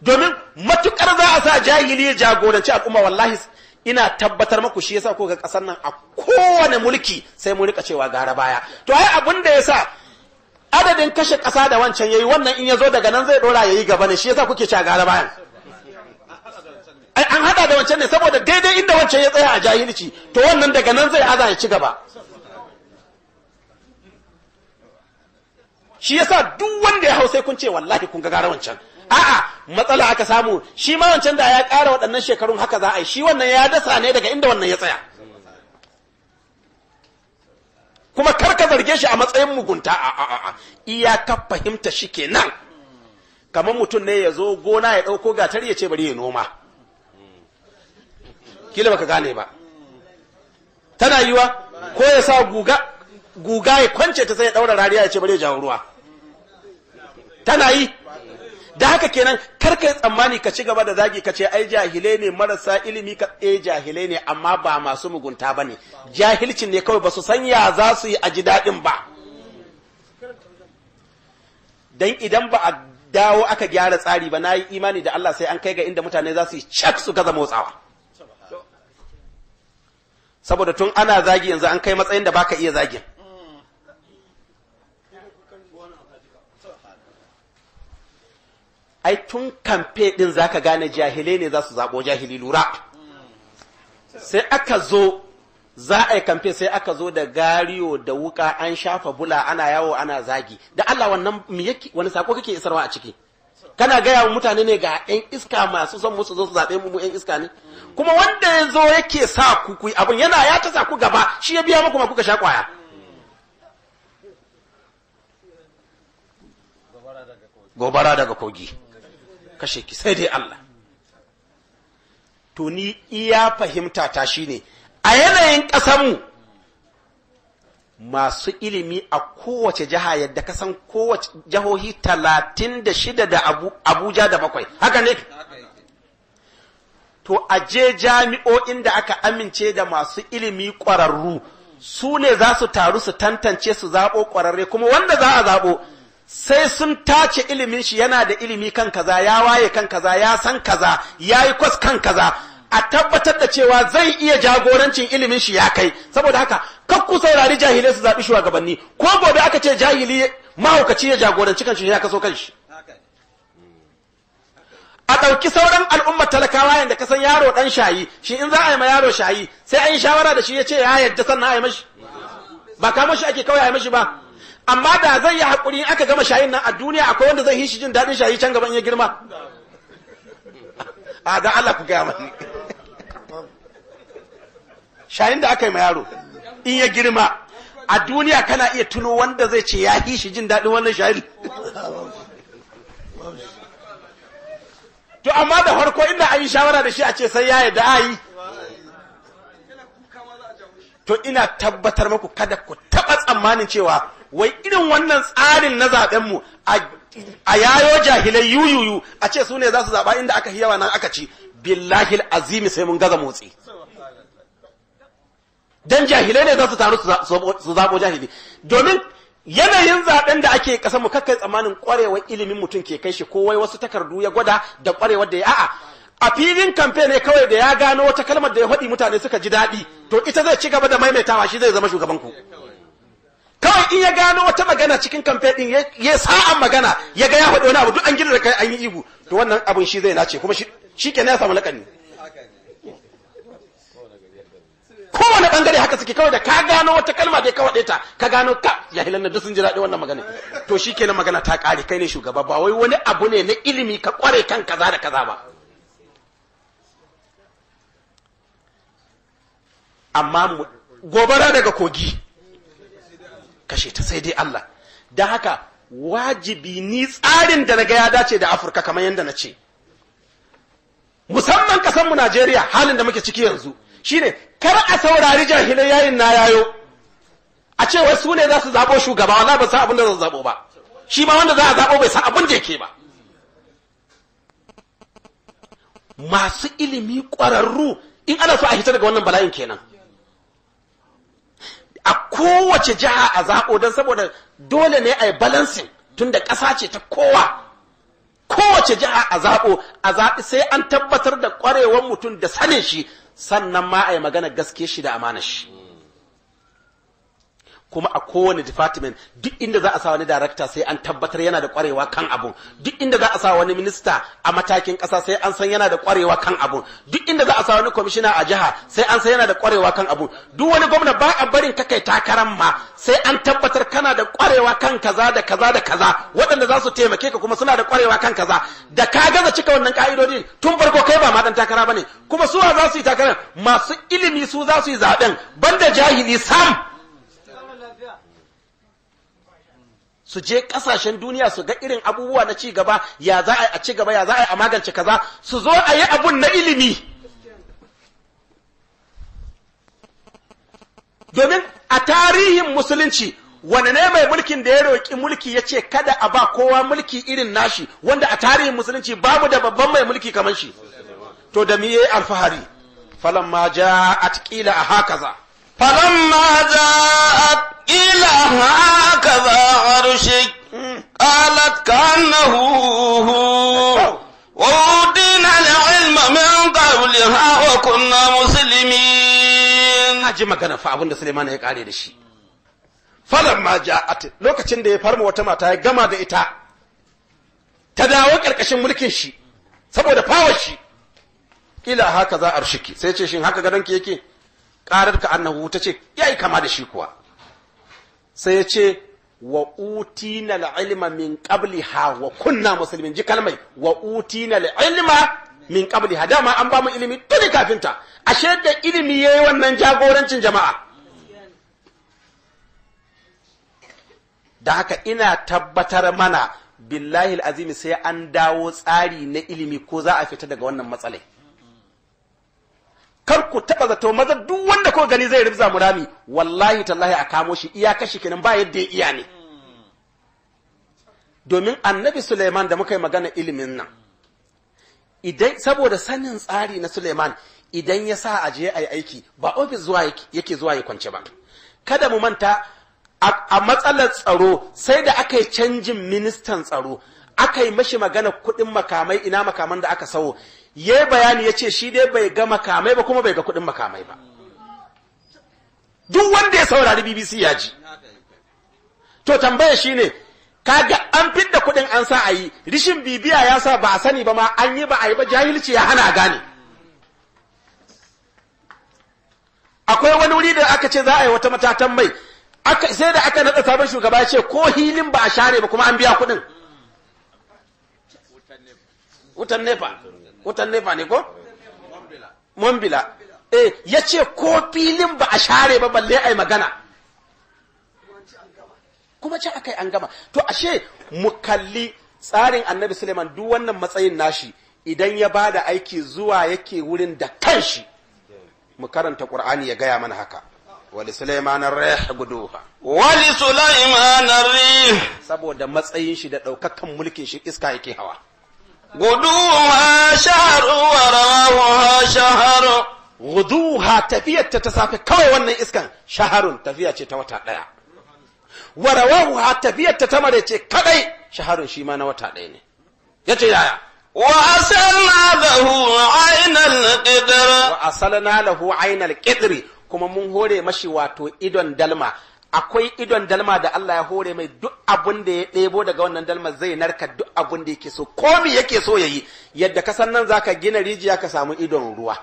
domin matukar za a sa jahili jagoranci al'umma wallahi ina tabbatar maku shi yasa ko ga kasar nan a kowane mulki sai mun rika cewa gara baya to ai abin da yasa adadin kashe kasa da wancan yayi wannan in yazo daga nan zai dora yayi gaba ne shi yasa kuke cewa gara bayan an hada da wancan ne saboda daidai inda wancan ya tsaya a jahilci to wannan daga nan zai aza ya ci gaba shi yasa duk wanda ya hau sai kun ce wallahi kun ga wancan a'a matsala aka samu shi ma wancan da ya ƙara waɗannan shekarun haka za a yi shi wannan ya dasa ne daga inda wannan ya tsaya kuma kar ka zarge shi a matsayin mugunta a a fahimta shi kenan kamar mutum ne ya zo gona ya ɗauko gatar ya ce bari ya noma kila baka gane ba tana yiwa ko ya sa guga guga ya kwance ta sai ya daura rariya ya ce bare jawo ruwa tana yi da haka kenan kar kai tsammani ka ci gaba da zagi ka ce ai jahile ne marasa ilimi ka tsaye eh jahile ne amma ba masu mugunta ba ne jahilcin ne kawai ba su san ya za su yi a ji daɗin ba don idan ba a dawo aka gyara tsari ba na yi imani da Allah sai an kai ga inda mutane za su yi cak su gaza motsawa saboda tun ana zagi yanzu an kai matsayin da baka iya zagin ai tun kamfe din zaka gane jahilai ne za su zabo jahili lura sai aka zo za a yi kamfe sai aka zo da gariyo da wuka an shafa bula ana yawo ana zagi da Allah wannan wani sako kake isarwa a ciki kana gaya wa mutane ne ga yan iska masu son musu zo su zaɓe mu yan iska ne kuma wanda ya zo yake sa ku kuyi abin yana ya ta sa ku gaba shi ya biya muku ma kuka sha kwaya gobara daga kogi kashe ki sai dai Allah to ni iya fahimta ta shine a yanayin ƙasarmu masu ilimi a kowace jiha yadda ka san kowace jihohi talatin da shida da abuja da bakwai haka ne to a je jami'o'in da aka amince da masu ilimi ƙwararru su ne za su taru su tantance su zaɓo ƙwararre kuma wanda za a zaɓo sai sun tace ilimin shi yana da ilimi kan kaza ya waye kan kaza ya san kaza ya yi kwas kan kaza a tabbatar da cewa zai iya jagorancin ilimin shi ya kai saboda haka ku saurari jahilai su zaɓi shugabanni ko gobe aka ce jahili mahaukaci ya jagoranci kanshi ya kaso kanshi a ɗauki sauran al'ummar talakawa yadda san yaro ɗan shayi shi in za a yi ma yaro shayi sai an yi shawara da shi ya ce ya yadda sannan a yi mashi ba kama shi ake kawai a yi mashi ba amma da zai yi haƙuri aka gama shayin nan a duniya akwai wanda zai yi shi jin daɗin shayi can gaban ya girma a da Allah ku gaya mani shayin da aka yi ma yaro in ya girma a duniya kana iya tuno wanda zai ce ya yi shi jin daɗin wannan shayin to amma da farko inda an yi shawara da shi a ce sai ya yi da ayi to ina tabbatar maku kada ku taɓa tsammanin cewa wai irin wannan tsarin na zaɓenmu a yayo jahilai yuyuyu a ce su ne za su zaɓa inda aka hiyawa nan aka ci billahi azimi sai mun gaza motsi Don jahilai ne za su taru su zaɓo jahili domin yanayin zaɓen da ake ƙasa mu kakkai tsammanin ƙwarewar ilimin mutum ke kai shi kowai wasu takardu ya gwada da ƙwarewar da ya a'a a filin kamfe ne kawai da ya gano wata kalmar da ya faɗi mutane suka ji daɗi to ita zai ci gaba da maimaitawa shi zai zama shugaban ku kawai in ya gano wata magana cikin kamfe din ya sa'a magana ya ga ya faɗi wani abu duk an da kai an yi ibu to wannan abin shi zai nace kuma shi kenan ya samu lakani kowane bangare haka suke kawai da ka gano wata kalma dai ka waɗe ta ka gano ka ya nan duk sun ji wannan magana to shi na magana ta ƙare kai ne shugaba ba wai wani abu ne na ilimi ka ƙware kan kaza da kaza ba amma gobara daga kogi kashe ta sai dai Allah da haka wajibi ni tsarin da na ga ya dace da afirka kamar yadda na ce musamman mu najeriya halin da muke ciki yanzu shi ne kar a saurari jahilai yayin na yayo a ce wasu ne za su zaɓo shugaba wala ba san abin da za su zaɓo ba shi ma wanda za a zaɓo bai san abin da yake ba masu ilimi ƙwararru in ana so a hita daga wannan bala'in kenan a kowace jiha a zaɓo don saboda dole ne a yi balansin tun da ƙasa ce ta kowa kowace jiha a zaɓo a zaɓi sai an tabbatar da ƙwarewar mutum da sanin shi sannan ma a yi magana gaske shi da amanar shi kuma a kowane department duk inda za a sa wani director sai an tabbatar yana da kwarewa kan abu duk inda za a sa wani minister a matakin kasa sai an san yana da kwarewa kan abu duk inda za a sa wani commissioner a jiha sai an san yana da kwarewa kan abu duk wani gwamna ba a barin ka kai takaran ma sai an tabbatar kana da kwarewa kan kaza da kaza da kaza waɗanda za su taimake ka kuma suna da kwarewa kan kaza da ka gaza cika wannan ka'idodi tun farko kai ba ma dan takara bane kuma suwa za su yi takarar masu ilimi su za su yi zaben banda jahili sam su je kasashen duniya su ga irin abubuwa na ci gaba ya za a ci gaba ya za a magance kaza su zo a yi abun na ilimi domin a tarihin musulunci wani ne mai mulkin da ya roƙi mulki ya ce kada a ba kowa mulki irin nashi wanda a tarihin musulunci babu da babban mai mulki kamar shi to da miye alfahari falon ma ja a tikila a haka za Falan جاءت قيل هكذا عرشك قالت كأنه هو وأوتينا العلم من قبلها وكنا مسلمين أجي مكان فأبونا سليمان هيك عليه دشي فلما جاءت لوكacin da ya farma wata mata ya gama da ita ta dawo karkashin mulkin shi saboda fawar shi ila haka za arshiki sai ce shin haka gadonki yake ƙarar ka annahu ta ce ya yi kama da shi kuwa sai ya ce wa utina ilma min ha wa kunna muslimin ji kalmai wa utina ilma min ha dama an ba mu ilimi tuni kafinta ashe da ilimi yayi wannan jagorancin jama'a da haka ina tabbatar mana billahi azimi sai an dawo tsari na ilimi ko za a fita daga wannan matsalai kar ku taɓa zato maza duk wanda ko gani zai rubza mu rami wallahi tallahi a kamo shi iya kashi kenan ba yadda ya iya ne domin annabi Suleiman da muka yi magana ilimin nan idan saboda sanin tsari na Suleiman idan ya sa a je a yi aiki ba ofis zuwa yake zuwa ya kwance ba kada mu manta a matsalar tsaro sai da aka yi canjin ministan tsaro aka yi mashi magana kuɗin makamai ina makaman da aka sawo Yai bayani ya ce shi dai bai ga makamai ba kuma bai ga kuɗin makamai ba duk wanda ya saurari bbc ya ji to tambaya shi ne kaga an fidda kuɗin an sa a yi rishin bibiya ya sa ba a sani ba ma an yi ba a yi ba jahilci ya hana gane akwai wani wuri da aka ce za a yi wata matatan mai sai da aka naɗa sabon shugaba ya ce ko hilin ba a share ba kuma an biya kuɗin wutan wutan nefa ne ko mombila eh ya ce ko filin ba a share ba balle yi magana kuma ce yi an gama to ashe mu kalli tsarin annabi suleiman duk wannan matsayin nashi idan ya ba da aiki zuwa yake wurin da kanshi mu karanta Kur'ani ya gaya mana haka Wali Rehe الريح Wali Suleiman Rehe. saboda matsayin shi da ɗaukakan mulkin shi iska yake hawa guduha shaharu wa rawaha shaharu guduha tafiyar ta safe kawai wannan iskan shaharun tafiya ce ta wata daya wa rawaha tafiyar ta tamare ce kadai shaharun shi na wata daya ne yace yaya wa asalna lahu aynal qidr wa asalna lahu aynal qidr kuma mun hore mashi wato idon dalma akwai idon dalma da Allah ya hore mai duk abun da ya ɗebo daga wannan dalma zai narka duk abun da yake so komi yake so ya yi yadda ka san nan zaka gina rijiya ka samu idon ruwa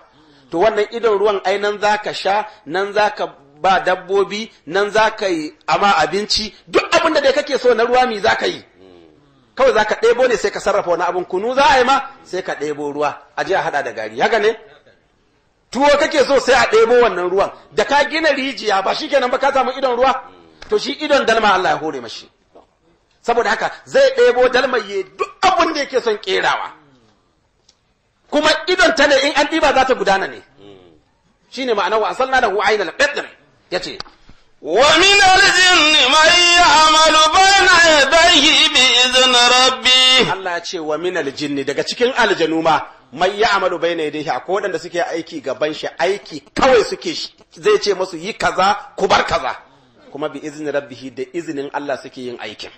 to wannan idon ruwan ai nan zaka sha nan zaka ba dabbobi nan zaka yi ama abinci duk abun da kake so na ruwa mi zaka yi kawai zaka ɗebo ne sai ka sarrafa wani abun kunu za a yi ma sai ka ɗebo ruwa a je a haɗa da gari Ya ne tuwo kake so sai a ɗebo wannan ruwan da ka gina rijiya ba shi kenan ba ka samu idon ruwa to shi idon dalma Allah ya hore mashi saboda haka zai ɗebo dalma ya duk abin da yake son ƙerawa kuma idon ta ne in an ɗiba za ta gudana ne Shi ne ma'ana wa asalna da ainal qadr yace ومن الجن من يعمل بين يديه بإذن ربي الله يقول ومن الجن daga cikin aljanu ma mai ya'malu bayna yadayhi akwai wadanda suke aiki gaban shi aiki kawai suke zai ce masu yi kaza ku bar kaza kuma bi izni rabbihi da izinin Allah suke yin aikin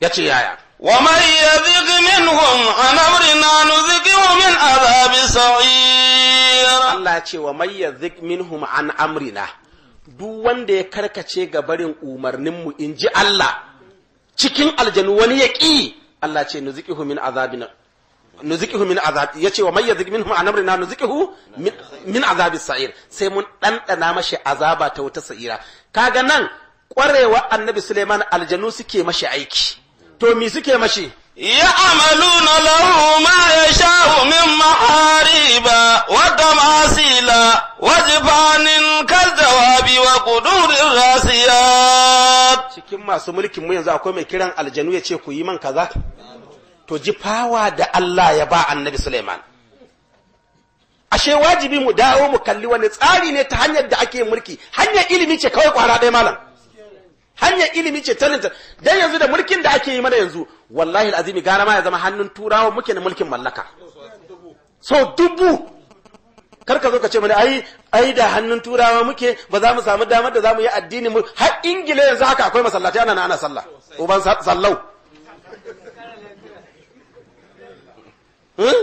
yace yaya wa man yadhig minhum an amrina nuzighu min azabi sa'ir Allah ce wa man yadhig minhum an amrina duk wanda ya karkace ga barin umarninmu in ji Allah cikin aljanu wani ya ƙi Allah ce nuzikihu min azabina nuzikihu min azabi ya ce wa mai A minhum an amrina nuzikihu min azabi sa'ir sai mun ɗanɗana mashi azaba ta wata sa'ira kaga nan ƙwarewa annabi Suleiman aljanu suke mashi aiki to mi suke mashi يعملون له ما يشاء من محاريب وتماثيل وجبان كالجواب وقدور الراسيات cikin masu mulkin mu yanzu akwai mai kiran aljanu ya ce ku yi man kaza to ji da Allah ya ba annabi Suleiman ashe wajibi mu dawo mu kalli wani tsari ne ta hanyar da ake mulki hanyar ilimi ce kawai kwara ɗaya malam hanyar ilimi ce talenta dan yanzu da mulkin da ake yi mana yanzu wallahi alazimi gara ma ya zama hannun turawa muke na mulkin mallaka so dubu kar ka zo ka ce mana ai ai da hannun turawa muke ba za mu samu damar da za mu yi addini mu har ingila yanzu haka akwai masallaci ana ana sallah uban sallau hmm?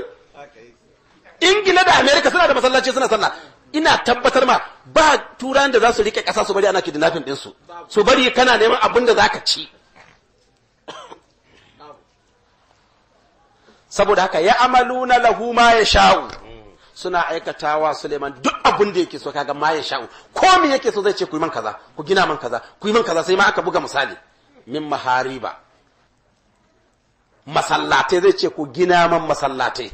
ingila da america suna da masallaci suna sallah ina tabbatar ma ba turan da za su rike ƙasa su bari ana kidnapping ɗinsu su bari kana neman abin da za ka ci saboda haka ya amaluna lahu ma ya sha'u suna aikatawa Suleiman duk abin da yake so kaga ma ya sha'u ko me yake so zai ce ku yi man kaza ku gina man kaza ku yi man kaza sai ma aka buga misali min mahariba masallatai zai ce ku gina man masallatai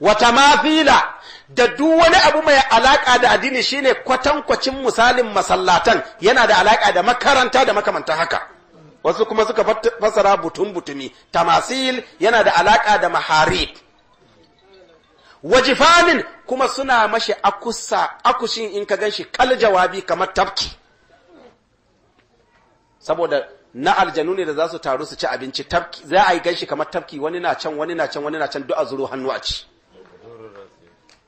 wata mafila da duk wani abu mai alaka da addini shine kwatankwacin misalin masallatan yana da alaka da makaranta da makamanta haka wasu kuma suka fasara butun butumi tamasil yana da alaka da maharib wajifanin kuma suna mashi akusa akushin in ka ganshi kal jawabi kamar tabki, saboda na aljanu ne da za su taru su ci abinci tabki, za a yi ganshi kamar tabki wani na can wani na can wani na can duk a hannu a ci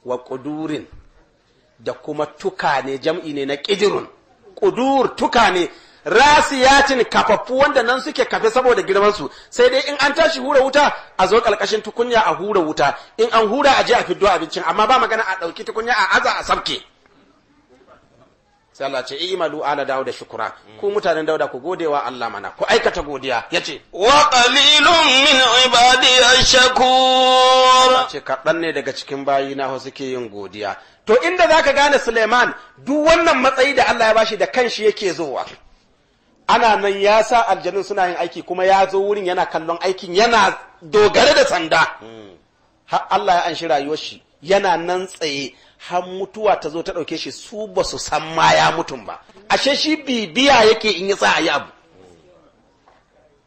wa ƙudurin da kuma tuka jam'i ne na ƙidirun ƙudur tuka ne rasiyatin kafaffu wanda nan suke kafe saboda girmansu sai dai in an tashi hura wuta a zo ƙarƙashin tukunya a hura wuta in an hura a je a fiddo abincin amma ba magana a ɗauki tukunya a aza a sabke sai Allah ce i'malu ala dauda shukura ku mutanen dauda ku godewa Allah mana ku aikata godiya yace wa qalilun min ibadi ashkur ce kaɗan ne daga cikin bayina ho suke yin godiya to inda zaka gane Suleiman duk wannan matsayi da Allah ya bashi da kanshi yake zowa ana nan ya sa aljanun suna yin aiki kuma ya zo wurin yana kallon aikin yana dogare da sanda hmm. har Allah ya anshi rayuwar shi yana nan tsaye har mutuwa ta zo ta ɗauke shi su ba su san ma ya mutum ba ashe shi bibiya yake in ya sa a yi abu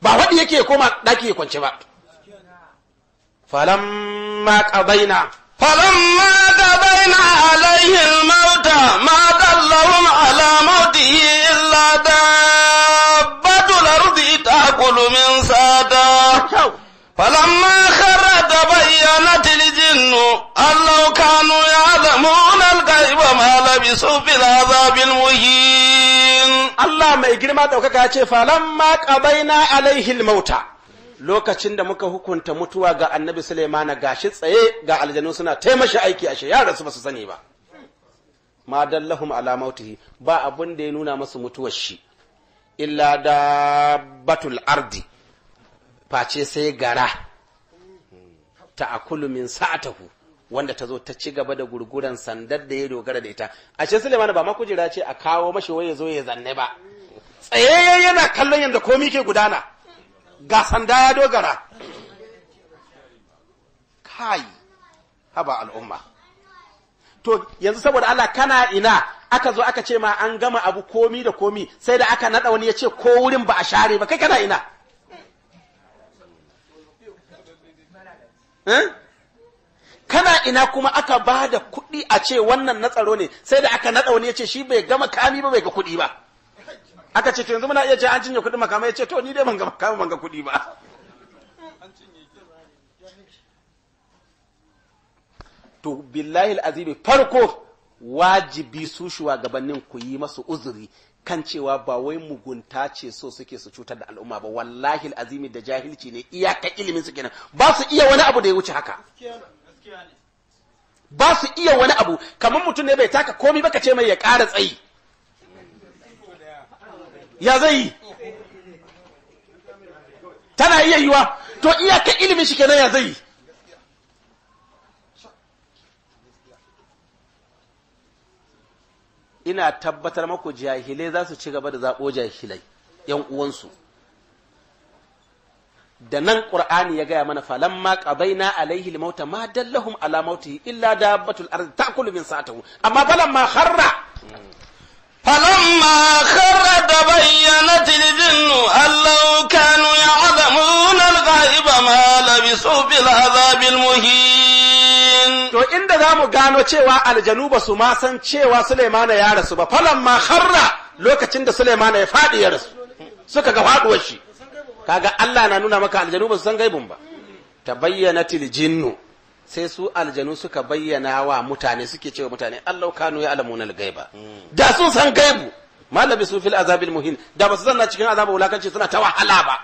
ba faɗi yake koma ɗaki ya kwance ba ƙabaina qadaina ma ƙabaina alaihi mauta ma dallahum ala illa da ardi taqulu min sada falamma kharra tabayyanat aljinnu allau kanu ya'lamuna wa malami ma labisu fil azabil muhin Allah mai girma daukaka ya ce falamma qabaina alaihi mauta lokacin da muka hukunta mutuwa ga annabi ga shi tsaye ga aljanu suna taimashi aiki a yaran su basu sani ba ma dallahum ala mautihi ba abun da ya nuna masu mutuwar shi illa batul ardi face sai gara Ta ta'akulu min sa'atahu wanda ta zo ta ci gaba da gurguran sandar da ya dogara da ita a ashe Suleiman ba ma kujera ce a kawo mashi waye zo ya zanne ba tsaye yana kallon yadda komi ke gudana ga sanda ya dogara kai haba al'umma to yanzu saboda Allah kana ina aka zo aka ce ma an gama abu komi da komi sai da aka nada wani ya ce ko wurin ba a share ba kai kana ina eh? kana ina kuma aka ba da kuɗi a ce wannan na tsaro ne sai da aka naɗa wani ya ce shi bai gama kami ba bai ga kuɗi ba aka ce to yanzu muna iya ce an cinye kuɗin makamai ya ce to ni dai ban gama kami ban ga kuɗi ba to billahi azimi farko wajibi su shugabannin ku yi masu uzuri kan cewa ba wai mugunta ce so suke su cutar da al'umma ba wallahi azimi da jahilci ne iyaka ilimin su kenan ba su iya wani abu da ya wuce haka ba su iya wani abu kamar mutum ne bai taka komi baka ce mai ya ƙara tsayi ya zai yi tana iya yiwa to iyakar ilimin shi kenan ya zai yi ina tabbatar maku jahilai za su ci gaba da zaɓo jahilai 'yan uwansu da nan qur'ani ya gaya mana falon ma.kabaina alaihi limauta ma dallahum ala mautihi illa dabbatul ardi ta'kulu min sa'atihi amma falamma kharra ma خر تبينت الجن أن لو كانوا يعلمون الغائب ما لبثوا في العذاب المهين to inda za mu gano cewa aljanu ba su ma san cewa Sulaimana ya rasu ba ma kharra lokacin da Sulaimana ya faɗi ya rasu suka ga faɗuwar shi kaga Allah na nuna maka aljanu ba su san gaibun ba ta bayyana jinnu sai su aljanu suka bayyana wa mutane suke cewa mutane Allah kanu ya alamuna gaiba da sun san gaibu malabi su fil azabil muhin da ba su zanna cikin azaba wulakanci suna ta wahala ba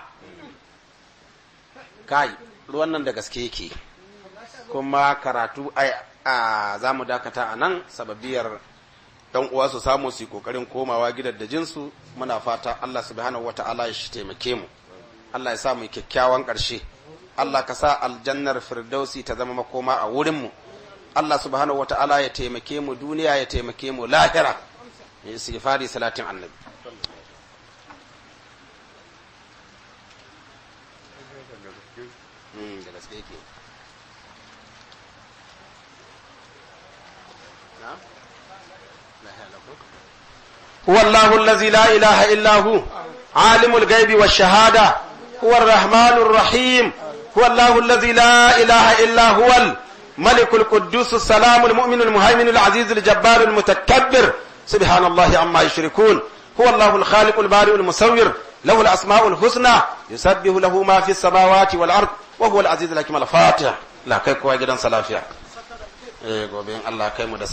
kai ruwan nan da gaske yake kuma karatu a za mu dakata a nan sababiyar dan uwa su samu su kokarin komawa gidan da jinsu muna fata Allah subhanahu wataala ya shi taimake mu Allah ya sa mu kyakkyawan ƙarshe Allah ka sa aljannar firdausi ta zama makoma a wurinmu Allah subhanahu wata'ala ya taimake mu duniya ya taimake mu lahira ya istighfari salatin annabi hmm, da gaske yake هو الله الذي لا إله إلا هو عالم الغيب والشهادة هو الرحمن الرحيم هو الله الذي لا إله إلا هو الملك القدوس السلام المؤمن المهيمن العزيز الجبار المتكبر سبحان الله عما يشركون هو الله الخالق البارئ المصور له الأسماء الحسنى يسبح له ما في السماوات والأرض وهو العزيز الحكيم الفاتح لا كيكوا جدا سلافيا إيه قوبين الله كيمو